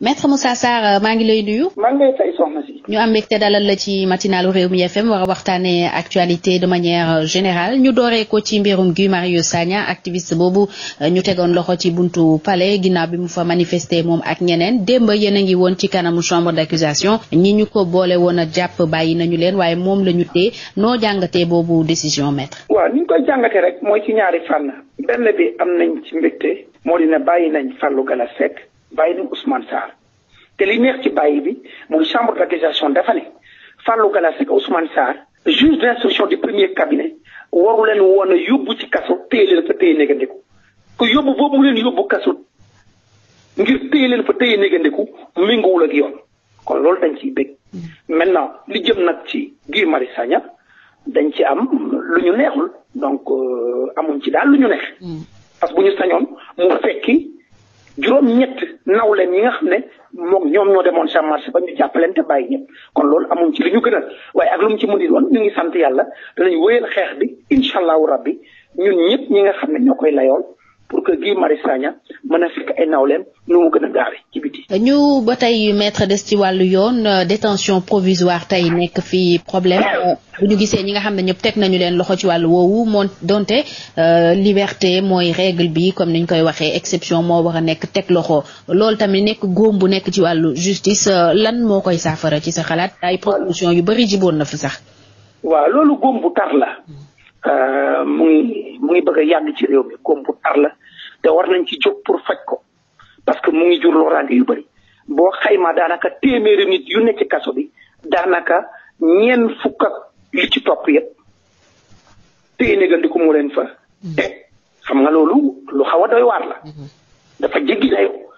maître Moussa Sarr euh, maa ngi lay nuyu. maa ngi lay fay soxna si. ñu am mbégte dalal la ci matinalu réew mi FM war a waxtaanee actualité de manière euh, générale ñu dooree ko ci mbirum Guy Marius Sagna activiste boobu euh, ñu tegoon loxo ci buntu palais ginnaaw bi mu fa manifester moom ak ñeneen démb yéen a ngi woon ci kanamu chambre d'accusation ñi ñu ko boole woon a jàpp bàyyi nañu leen waaye moom lañu ñu noo jàngatee boobu décision maître. waaw ni ñu koy jàngatee rek mooy ci ñaari fànn benn bàyyi nañ Ousmane Sarr te li neex ci bàyyi bi mooy chambre d'accusation dafa ne Fallou Galass ak Ousmane Sarr juge d'instruction du premier cabinet waru leen woon a yóbbu ci kaso téye leen fa téye négandiku ko yóbbu boobu mu leen yóbbu kaso ngir téye leen fa téye négandiku méngoowul ak yoon kon loolu dañ ciy bëgg maintenant li jëm nag ci Guy Marius Sagna dañ ci am lu ñu neexul donc euh, amuñ ci daal lu ñu neex mm. parce bu ñu sañoon mu fekki juróom-ñett nawleen yi nga xam ne moom ñoom ñoo demoon sa marché ba ñu jàppalante bàyyi ñëpp kon loolu amuñ ci li ñu gënal waaye ak lu mu ci mën di doon ñu ngi sant yàlla ñu wéyal xeex bi incha allahu rabbi ñun ñëpp ñi nga xam ne ñoo koy layoon pour que Guy Marius Sagna mën fekk ay nawleem nu gën a gaawee ci biti. ñu ba tey maître des ci wàllu yoon euh, détention provisoire tey nekk fii problème euh, bu ñu gisee ñi nga xam ne ñëpp teg nañu leen loxo ci wàllu woowu moom donte euh, liberté mooy règle bi comme niñ koy waxee exception moo wax a nekk teg loxo loolu tamit nekk góom bu nekk ci wàllu justice lan moo koy saafara ci sa xalaat. ay proposition yu bëri jiboon na fi sax. waaw loolu góom bu tar la. mu ngi mu ngi bëgg a yàgg ci réew mi koom bu tar la te war nañ ci jóg pour faj ko parce que mu ngi jur loraange yu bëri boo xayma daanaka téeméeri nit yu nekk ci kaso bi daanaka ñeent fukk yu ci topp yëpp téye négandiku mu leen fa mm-hmm. eh, xam nga loolu lu xaw a doy waar la mm-hmm. dafa jéggi dayoo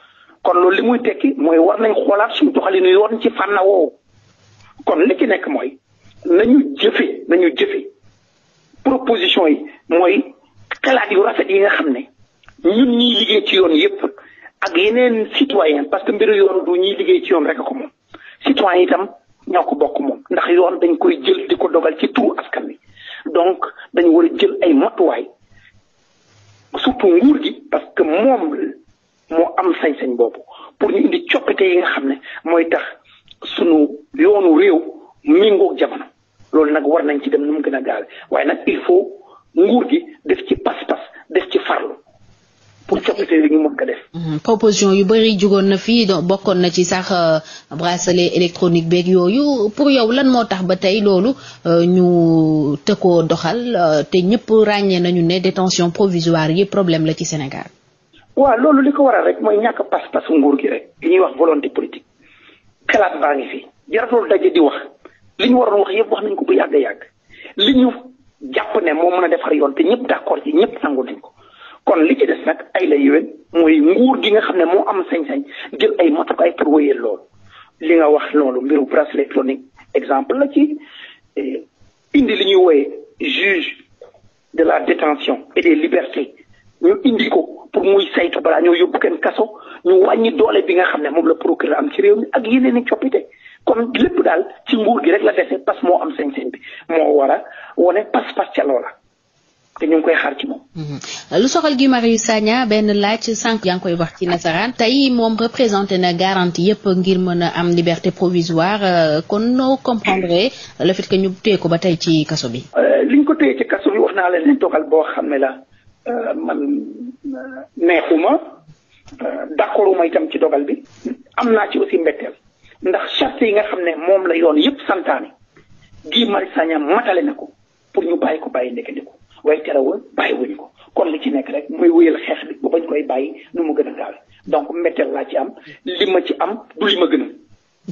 kon loolu li muy tekki mooy war nañ xoolaat suñu doxalin yi war nañ ci fànna woowu kon li ci nekk mooy nañu jëfe nañu jëfe proposition yi mooy xalaat yu rafet yi nga xam ne ñun ñuy liggéey ci yoon yëpp ak yeneen citoyen parce que mbiru yoon du ñuy liggéey ci yoon rek ko moom citoyen itam ñoo ko bokk moom ndax yoon dañ koy jël di ko dogal ci turu askan wi donc dañu war a jël ay matuwaay surtout nguur gi parce que moom moo am sañ-sañ boobu pour ñu indi coppite yi nga xam ne mooy tax sunu yoonu réew méngoog jamono nag war nañ ci dem nu mu gën a gaawe waaye nag il faut nguur gi def ci pas-pas def ci farlu pour coppite ko def. Mm-hmm. yu bëri jugoon na fii bokkoon na ci sax euh, bracelet électronique beeg yooyu pour yow lan moo tax ba tey loolu euh, ñu tëkkoo doxal euh, te ñëpp ràññee nañu ne détention provisoire yi problème la ci Sénégal. waaw loolu li ko waral rek mooy ñàkk pas-pas nguur gi rek. li ñuy wax volonté politique. xalaat baa ngi fi jaratul daje di wax. li ñu waroon wax yëpp wax nañ ko bu yàgg a yàgg li ñu jàpp ne moo mën a defar yoon te ñëpp d'accord ci ñëpp nangu nañ ko kon li ci des nag ay la yéwén mooy nguur gi nga xam ne moo am sañ-sañ jël ay matukaay pour wéyal li nga wax loolu mbiru bracelet électronique exemple la ci eh, indi li ñuy wooye de la détention et des libertés ko pour muy saytu balaa ñoo yóbbu kenn kaso ñu wàññi doole bi nga xam ne moom la procureur am ci réew mi ak yeneen i coppite ci nguur gi rek la dese parce moo am sañ-sañ bi moo war a wane pas-pas ca te ñu koy xaar ci moom. Mm-hmm. lu soxal Guy Marius Sagna benn laaj sànq yaa ngi koy wax ci nasaraan tey moom représenté na garantie yëpp ngir mën a am liberté provisoire euh, kon noo comprendre le fait que ñu téye ko ba tey ci kaso bi. Euh, li ñu ko téye ci kaso bi wax naa leen ne dogal boo xam ne la euh, man neexuma d'accorduma itam ci dogal bi am naa ci aussi mbetteel. ndax charte yi nga xam ne moom la yoon yëpp santaane Guy Marius Sagna matale na ko pour ñu bàyyi ko bàyyi ndekkandiku waaye terewul bàyyiwuñ ko kon li ci nekk rek muy wéyal xeex bi ba ñu koy bàyyi nu mu gën a gaawe donc mbetteel laa ci am li ma ci am du li ma gën a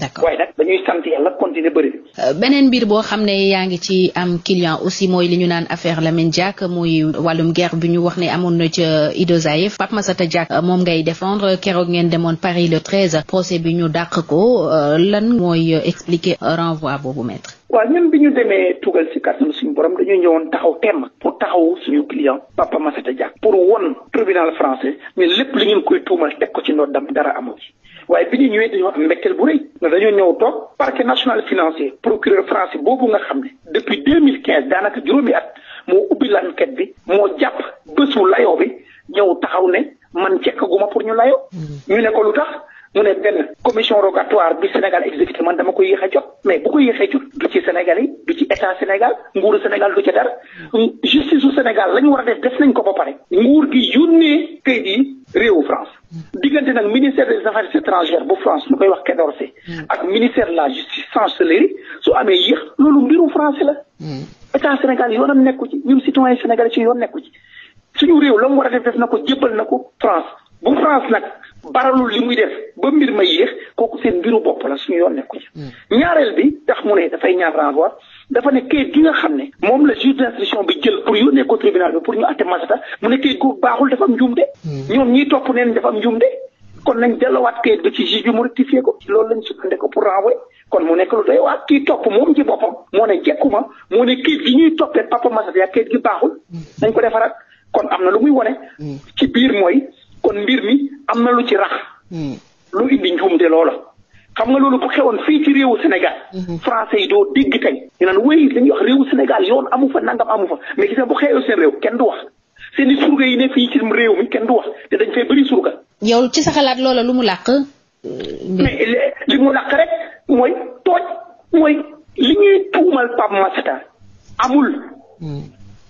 d'accord waaye nag dañuy sant yàlla continuer bëri euh, beneen mbir boo xam ne yaa ngi ci am client aussi mooy li ñu naan affaire Lamine Diack muy wàllum guerre bi ñu wax ne amoon na ca Idozaïev Pape a Diack euh, moom ngay défendre keroog ngeen demoon Paris le a procès bi ñu dàq ko euh, lan mooy expliquer renvoi boobu maître waaw ñun bi ñu demee tugal si kàttanu suñu borom dañuy ñëwoon taxaw temm pour taxaw suñu client Papa Massata Diack pour won tribunal français li ngeen koy tuumal teg ko ci waaye bi ñu ñëwee dañoo am mbetteel bu rëy na dañoo ñëw toog parquet national financier procureur français boobu nga xam ne depuis deux mille quinze daanaka juróomi at moo ubbi l'enquête bi moo jàpp bésu layoo bi ñëw taxaw ne man jekkaguma pour ñu layoo mm-hmm. ñu ne ko lu tax mu ne benn commission rogatoire bi Sénégal exécuté man dama ko yéex a jot mais bu ko yéexee jot du ci Sénégal yi du ci état Sénégal nguuru Sénégal du ca dara mm-hmm. justice su Sénégal la ñu war a def def ko ba pare nguur gi yónnee kayit yi diggante nag ministère des affaires étrangères bu France ñu koy wax Quai d'Orsay mm. ak ministère de la justice chancellerie soo amee yéex loolu mbiru français la. Mm. état Sénégal yoonam nekku ci ñun citoyen sénégalais ci yoon nekku ci suñu réew la mu war a def def na ko jébbal na ko France bu France nag baralul li muy def ba mbir ma yéex kooku seen mbiru bopp la suñu yoon nekku ci. Mm. ñaareel bi tax mu ne dafay ñaan renvoi dafa ne kayit gi nga xam ne moom la juge d'instruction bi jël pour yónnee ko tribunal bi pour ñu àtte Massata mu ne kayit gu baaxul am njuumte hmm. ñoom ñiy topp neen dafa am njuumte kon nañ delloowaat kayit bi ci bi mu ko loolu lañ sukkande ko pour renvoyer kon mu nekk lu doy waat kii topp moom ci boppam moo ne jekkuma moo ne kayit gi ñuy toppee Papa Massata yaa kayit gi baaxul hmm. nañ ko defaraat kon am na lu muy wone hmm. ci biir mooy kon mbir mi am na lu ci rax lu indi njuumte loola xam nga loolu bu xewoon fii ci réewu Sénégal. Mhm. français yi doo dégg tey. yoon amu fa nangam amu fa mais gis nga bu xewee seen réew kenn du wax seen i surga yi ne fii ci réew mi kenn du wax te dañ fee bëri surga. yow ci sa xalaat loola lu mu làq. mais li mu làq rek mooy tooj mooy li ñuy tuumal Pape Massata amul. Hmm.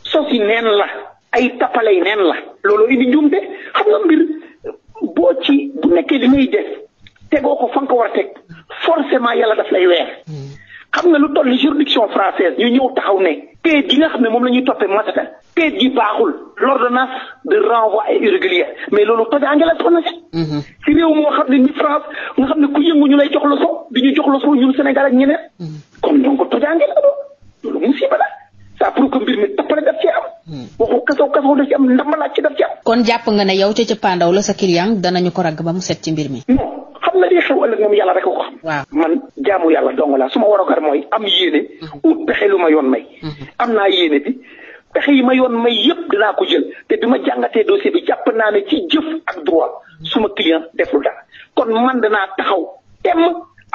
sos yi neen la. ay tapalay neen la. loolu indi njuumte xam nga mbir boo ci bu nekkee li ngay def. tegoo ko fa ko war a teg forcément yàlla daf lay weer. xam nga lu toll juridiction française ñu ñëw taxaw ne. kayit gi nga xam ne moom la ñuy toppee matata. kayit gi baaxul. l'ordonnance de renvoi est irrégulière mais loolu tojaange la soxna si. Mhm. ci réew moo xam ne ni France nga xam ne ku yëngu ñu lay jox la so di ñu jox la so ñun Sénégal a ñeneen. comme mhm. donc tojaange la loolu loolu musiba la ça pour que mbir mi tappale daf ci am. Mhm. waxu kasaw kasaw daf ci am kon jàpp nga ne yow ca ca Pandaw la sa client danañu ko ragg ba mu ci mbir mi. xam na li xew ëllëg moom yàlla rek ko xam. man jaamu yàlla dong laa su ma waroon mooy am yéene. Mhm. ut pexe lu ma yoon may. Mhm. am naa yéene di pexe yi ma yoon may yëpp dinaa ko jël te bi ma jàngatee dossier bi jàpp naa ne ci jëf ak droit ma client deful dara kon man danaa taxaw temm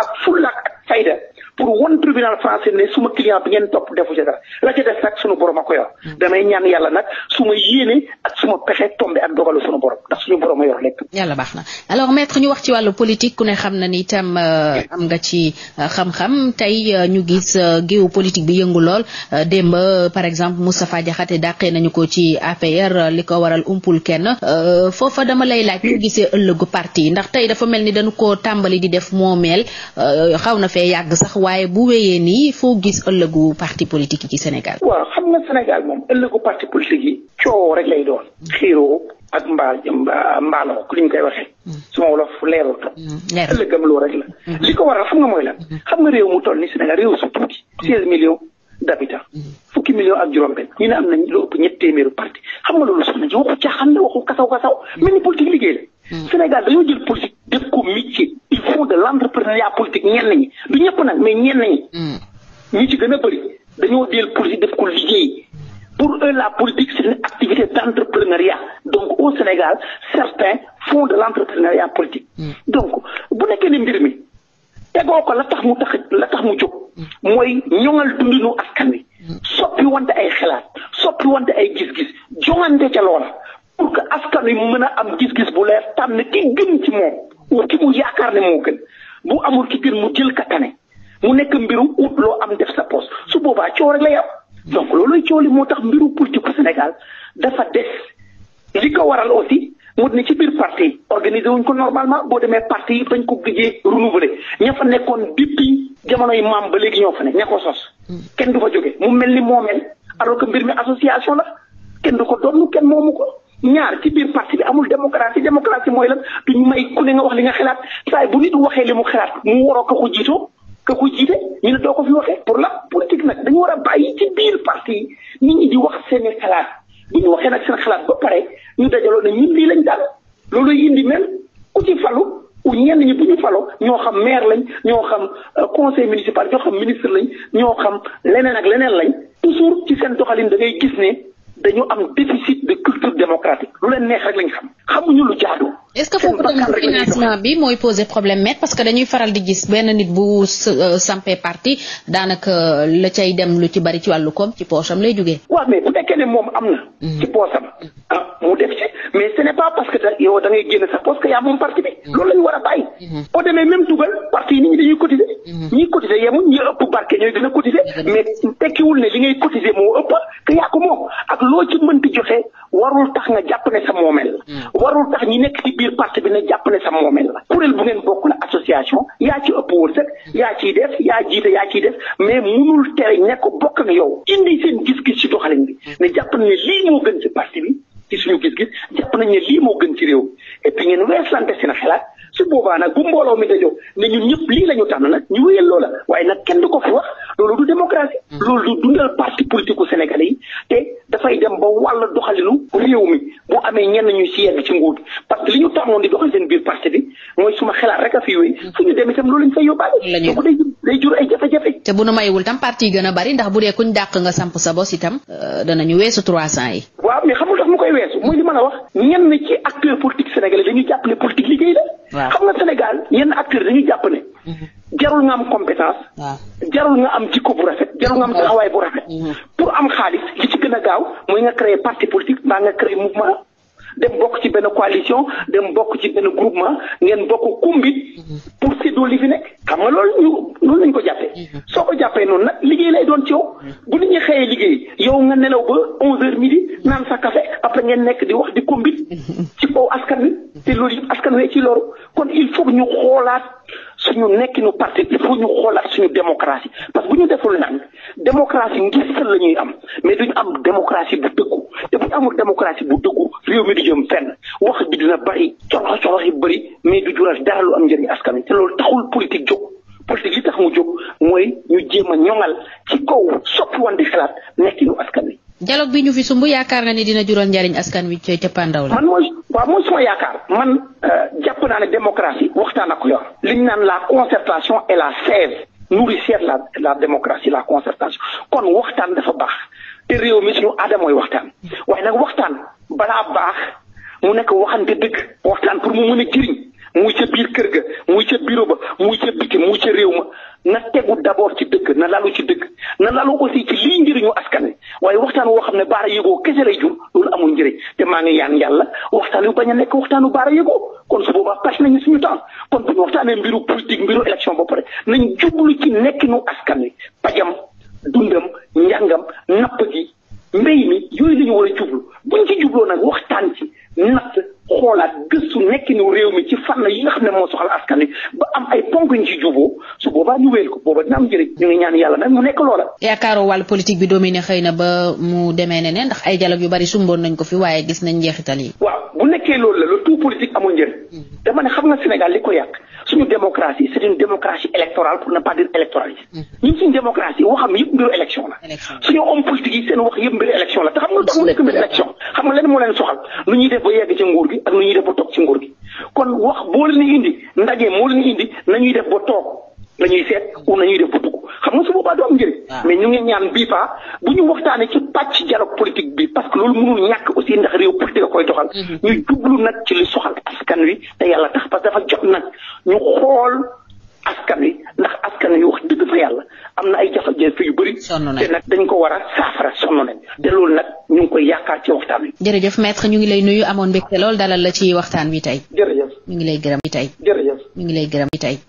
ak fulla ak fayda. pour wan tribunal français ne suma client bi ngeen topp defu ci dara la ci def nag sunu borom ko yor mm. damay ñaan yàlla nag suma yéene ak suma pexe tombé ak dogalu sunu borom ndax suñu borom yor lépp. yàlla baax na alors maître ñu wax ci wàllu politique ku ne xam na ni itam euh, am nga ci euh, xam-xam tey euh, ñu gis géopolitique bi yëngu lool démb par exemple Moustapha Diakhaté dàqee nañu ko ci APR li ko waral umpul kenn foofa dama lay laaj ñu gisee ëllëgu parti ndax tey dafa mel ni dañu koo tàmbali di def moomeel xaw na fee yàgg sax waaye bu wéyee nii foo gis ëllëgu parti politique yi ci Sénégal. waaw xam nga Sénégal moom ëllëgu parti politique yi. coow rek lay doon. Mm. xiiroo ak mbaal mbaaloo ku li ñu koy waxee. Mm. su ma wolof leerul tam. Mm, leerul ëllëgam loo rek la. li ko waral xam nga mooy lan. xam nga réew mu toll ni Sénégal réew su tuuti. 16 millions d'habitants. fukki millions ak juróom-benn ñu ne am nañ lu ëpp ñett téeméeru parti xam nga loolu soxna ji waxu caaxaan la waxu kasaw kasaw mel ni politique liggéey font de l' entrepreneuriat politique ñenn ñi du ñëpp nag mais ñenn ñi. Hmm. ñi ci gën a bëri dañoo deel politique def ko liggéey pour eux la politique c' est une activité d' entrepreneuriat donc au Sénégal certains font de l' entrepreneuriat politique. Hmm. donc bu nekkee ni mbir mi tegoo ko la tax mu tax la tax mu jóg. Hmm. mooy ñoŋal dundinu askan wi. soppi wante ay xalaat soppi wante ay gis-gis joŋante ca loola pour que askan wi mën a am gis-gis bu leer tànn ki gën ci moom. ou ki mu yaakaar ne moo gën bu amul ki gën mu jël ka tane mu nekk mbiru loo am def sa poste su boobaa coow rek la yam donc looluy coow li moo tax mbiru politique bu Sénégal dafa des li ko waral aussi mu ne ci biir parti organisé wuñ ko normalement boo demee parti yi bañ ko gijee renouveler ña fa nekkoon depuis jamonoy maam ba léegi ñoo fa ne ña ko sos kenn du fa jóge mu mel ni moo mel alors que mbir mi association la kenn du ko doon kenn moomu ko ñaar ci biir parti bi amul démocratie démocratie mooy lan duñ may ku ne nga wax li nga xalaat saa bu nit waxee li mu xalaat mu waroo ko ko jiitoo ka ko ñu ne doo ko fi waxee pour la politique nag dañu war a bàyyi ci biir parti nit ñi di wax seeni xalaat bu ñu waxee nag seen xalaat ba pare ñu dajaloo ne ñun lii lañ daal loolu indi mel ku ci falu u ñenn ñi bu ñu falo ñoo xam maire lañ ñoo xam euh, conseil municipal ñoo xam ministre lañ ñoo xam leneen ak leneen lañ ci seen doxalin da ngay gis ne dañu am déficit de culture démocratique lu leen neex rek lañ xam xamuñu lu jaadu. est-ce que foofu tamit financement bi mooy poser problème maître parce que dañuy faral di gis benn nit bu euh, sampee parti daanaka euh, la cay dem lu ci bari ci wàllu koom ci poosam lay jógee. waaw mais bu nekkee ne moom am na. Mm. ci poosam ah mu def ci mais ce n'est pas parce que da yow da génn sax parce yaa moom parti bi. Mm-hmm. loolu la war a bàyyi. Mm-hmm. boo demee même dugal parti yi nit ñi dañuy cotiser. Mm-hmm. ñi cotiser yemuñ ñi ëpp barke ñooy gën a cotiser mais tekkiwul ne li ngay cotiser moo ëpp que yaa ko moom ak loo ci tax nga jàpp ne sa moomeel la. Mm. warul tax ñi nekk ci biir parti bi ne jàpp ne sa moomeel bu ngeen bokk la association yaa mais munul tere nekk bokk ak yow indi seen gis-gis ci bi ne lii moo gën ci parti bi. ci suñu gis-gis jàpp nañ lii moo gën ci réew et puis ngeen weeslante seen xalaat su boobaa nag bu mbooloo mi dajoo ne ñun ñëpp lii la ñu tànn nag ñu wéyal loola waaye nag kenn du ko fi wax loolu du démocratie. Mm. loolu du dundal parti politique gu Sénégalais yi te dafay dem ba wàll doxalinu réew mi bu amee ñenn ñuy si yegg ci nguur gi parce que li ñu tàmmoon di doxal seen biir parti bi mooy suma xelaat rek a fi wéy suñu dem itam loolu lañ fay yóbbaale donc day day jur ay jafe-jafe te bu nu mayiwul tam parti yi gën a bari ndax bu dee kuñ dàq nga samp sa bos itam euh, danañu weesu trois cent yi waaw mais xamul dafa mu koy weesu mooy li ma la wax ñenn ci acteur politique sénégalais dañu jàpp ne politique liggéey la xam jarul nga am compétence. jarul nga am jikko bu rafet jarul nga am taxawaay bu rafet. Mhm. pour am xaalis li ci gën a gaaw mooy nga créer parti politique mbaa nga créer mouvement. dem bokk ci benn coalition dem bokk ci benn groupement ngeen bokk kumbit pour séddoo li fi nekk xam nga loolu ñu loolu lañ ko jàppee soo ko jàppee noonu nag liggéey lay doon ci yow bu nit ñi xëyee liggéey yow nga nelaw ba onze heures midi naan sa kafe après ngeen nekk di wax di kumbit ci kaw askan wi te loolu yëpp askan wee ci loru kon il faut ñu xoolaat suñu nekkinu parti il faut ñu xoolaat suñu démocratie parce que bu ñu deful nag démocratie ngir la ñuy am mais duñu am démocratie bu dëggu te bu ñu amul démocratie bu dëggu réew mi du jëm fenn wax ji dina bari corox corox yi bëri mais du jural dara askan wi te loolu taxul politique jóg politique yi tax mu mooy ñu jéem a ñoŋal kaw soppi wan di xalaat nekkinu askan wi. dialogue bi ñu fi sumb yaakaar nga ni dina jural njariñ askan wi ca cappaandaw la. man mooy waaw mooy suma yaakaar man euh, jàpp naa ne démocratie waxtaan ak ko yor li ñu naan la concertation et la sève nourrissère la la démocratie la concertation kon waxtaan dafa baax te réew mi suñu aada mooy waxtaan waaye nag waxtaan balaa baax. mu nekk waxante dëgg waxtaan pour mu mën a jëriñ muy ca biir kër ga muy ca bureau ba muy ca biti muy ca réew ma na tegu d'abord ci dëkk na lalu ci dëgg na lalu aussi ci lii njëriñu askan wi waaye waxtaan woo xam ne baara yëgoo kese lay jur loolu amul njëriñ te maa ngi yaan yàlla waxtaan yu bañ a nekk waxtaanu baara yëgoo kon su boobaa pàcc nañu suñu temps kon bu ñu waxtaanee mbiru politique mbiru élection ba pare nañ jublu ci nekkinu askan wi pajam dundam njàngam napp gi mi yooyu la ñu war a jublu buñ ci jubloo natt xoolaat gëstu nekkinu réew mi ci fànn yi nga xam ne moo soxal askan wi ba am ay ponk ñu ci juboo su boobaa ñu wéel ko booba dina am njëriñ ñu ngi ñaan yàlla nag mu nekk loola. yaakaaroo wàllu politique bi dominé xëy na ba mu demee ne ne ndax ay dialogue yu bari sumboon nañ ko fi waaye gis nañ njeexital yi. waaw bu nekkee loolu la le tout politique amul njëriñ. Mm-hmm. dama ne xam nga Sénégal li ko yàq suñu démocratie c'est une démocratie électorale pour ne pas dire électoraliste. ñun suñu démocratie waxam yëpp mbiru élection la. suñu homme politique yi seen wax yëpp mbiru élection la te xam nga lu nekk mbiru élection xam nga lenn moo leen soxal nu ñuy def ba yegg ci nguur gi ak nu ñuy def ba toog ci nguur gi kon wax boo leen indi ndaje moo leen indi nañuy def ba toog la ñuy seet ou nañuy def ba dugg. xam nga su boobaa du am njëriñ. Ah. mais ñu ngi ñaan bii fa bu ñu waxtaanee ci pàcc dialogue politique bi parce que loolu mënul ñàkk aussi ndax réew politique a koy doxal. Mhm. ñu jublu nag ci li soxal askan wi te yàlla tax parce que dafa jot nag ñu xool askan wi ndax askan wi wax dëgg fa yàlla am na ay jafe-jafe yu bëri. te nag dañ ko war a saafara sonn nañ te loolu nag ñu ngi koy yaakaar ci waxtaan wi. jërëjëf maître ñu ngi lay nuyu amoon mbégte lool dalal la ci waxtaan wi tey. ñu ngi lay gërëm tey. ñu ngi lay gërëm tey.